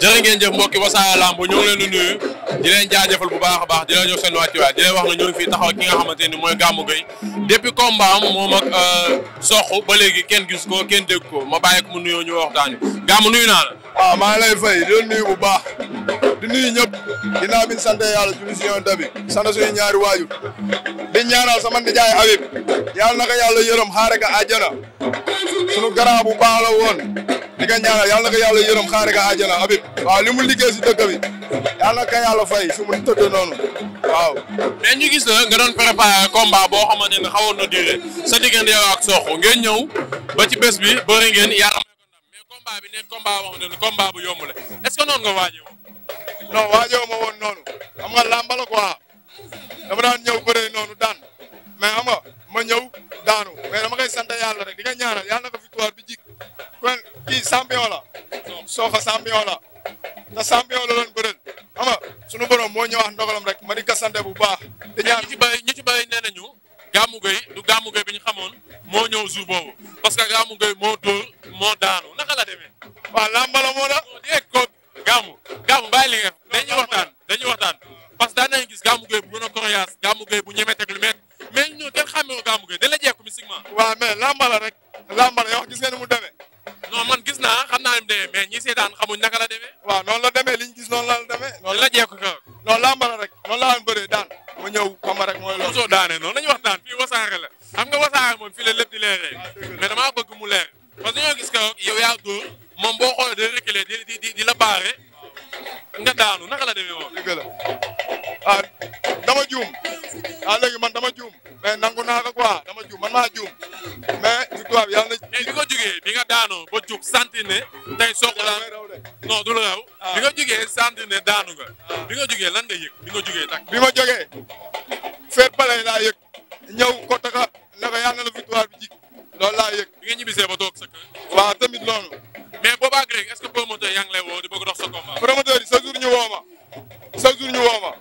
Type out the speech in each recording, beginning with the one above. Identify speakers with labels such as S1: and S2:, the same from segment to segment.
S1: jërë ngeen jëf mbokki Wassare Lamb ñu ngi leen di nuyu bu baax a baax di leen jox seen wàccuwaay di leen wax ne fii taxaw ki nga mooy Gamou Gueye depuis combat am moom ak euh, Sokh ba léegi kenn gis ko kenn dégg ma bàyyi ko mu ñu wax daañu Gamou nuyu naa la. waaw ah, maa ngi lay fay di leen nuyu bu baax di nuyu ñëpp ginnaaw bi ñu sant yàlla julli si yoon bi sant suñu ñaari waajur di ñaanal sama nijaay Habib yàlla na ko yàlla yërëm xaare ka àjjana sunu garab bu woon di ko ñaanal yàlla na ko yàlla yërëm xaare ka àjjana Habib waaw li mu liggéey si dëkk bi yàlla na ko yàlla fay su mu tëdd noonu waaw mais ñu gis la nga doon préparer combat boo xamante ne xawoon na duré sa diggante yow ak Sokh ngeen ñëw ba ci bés bi bëri ngeen yàlla may bi nekk combat boo xamante ne combat bu yomb la est-ce que noonu nga waajee woon non waajee ma woon noonu xam nga làmb la quoi dama daan ñëw bëree noonu daan mais xam ma ñëw daanu mais dama koy sant yàlla rek di ko kii champion la Sokh champion la te champion la doon bëreel xam nga sunu borom moo ñëwaat ndogalam rek ma di bu baax. te ñaan ñi ci bëri ñi ci bëri nee nañu Gamou Gueye du Gamou Gueye bi xamoon moo ñëw jour boobu parce que Gamou moo dóor moo daanu na la demee. waaw lambala moo la. di egg ko Gamou Gamou bàyyi li nga dañuy waxtaan dañuy waxtaan parce que daan nañu gis Gamou Gueye bu gën a coriace Gamou Gueye bu ñeme teg lu métti mais ñun kenn lambala rek lambala yoo gis nga ni mu naa xam naa ni mu demee mais ñi seetaan xamuñ naka la demee. waaw noonu la demee liñ gis noonu la demee. noonu la jekk ka noonu laa mën rek noonu laa bëree daan ma ñëw xam rek mooy loolu. mosoo daane la ñu wax daan fii wasaare la xam nga wasaare moom fii di leeree ah, mais damaa bëgg mu leer parce que ñoo gis que yow yaa dóor moom boo xoolee day reculer di la baare nga daanu naka la demee woon. dëgg ah, dama juum ah man dama juum mais nangu naa ko quoi dama juum man maa juum daanoo ba jug santi ne tey Sokh non du la raw ah. bi nga jugee santi ne daanu nga ah. bi nga jugee lan nga yëg bi nga jugee nag bi ma jógee fair play laa yëg ñëw na ko yàlla na victoire bi ji loolu laa yëg bi nga ñibbisee ba toog sa kër waaw tamit loolu mais boobaa ak léegi est-ce que promoteur yaa ngi lay woo di bëgg yi chaque jour ñu woo ma chaque jour ñu woo ma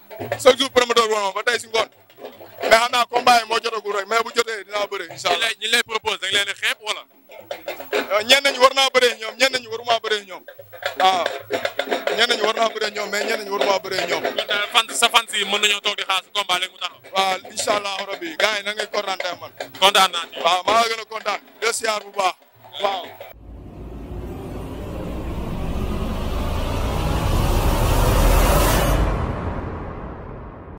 S1: chaque jour promoteur woo ma ba tey si ngoon mais xam naa combat yi moo jotagul rek mais bu jotee bëre incha allah ñenn ñi waruma bëree ñoom waaw ñenn ñi war naa bëree ñoom mais ñenn ñi waruma bëree ñoom. fan sa fan si mën nañoo toog di xaar su combat léegi mu taxaw. waaw incha allah rabi gars yi na ngay kontaan tey man. kontaan naa ci waaw maa ngi gën a kontaan. de siyaar bu baax waaw.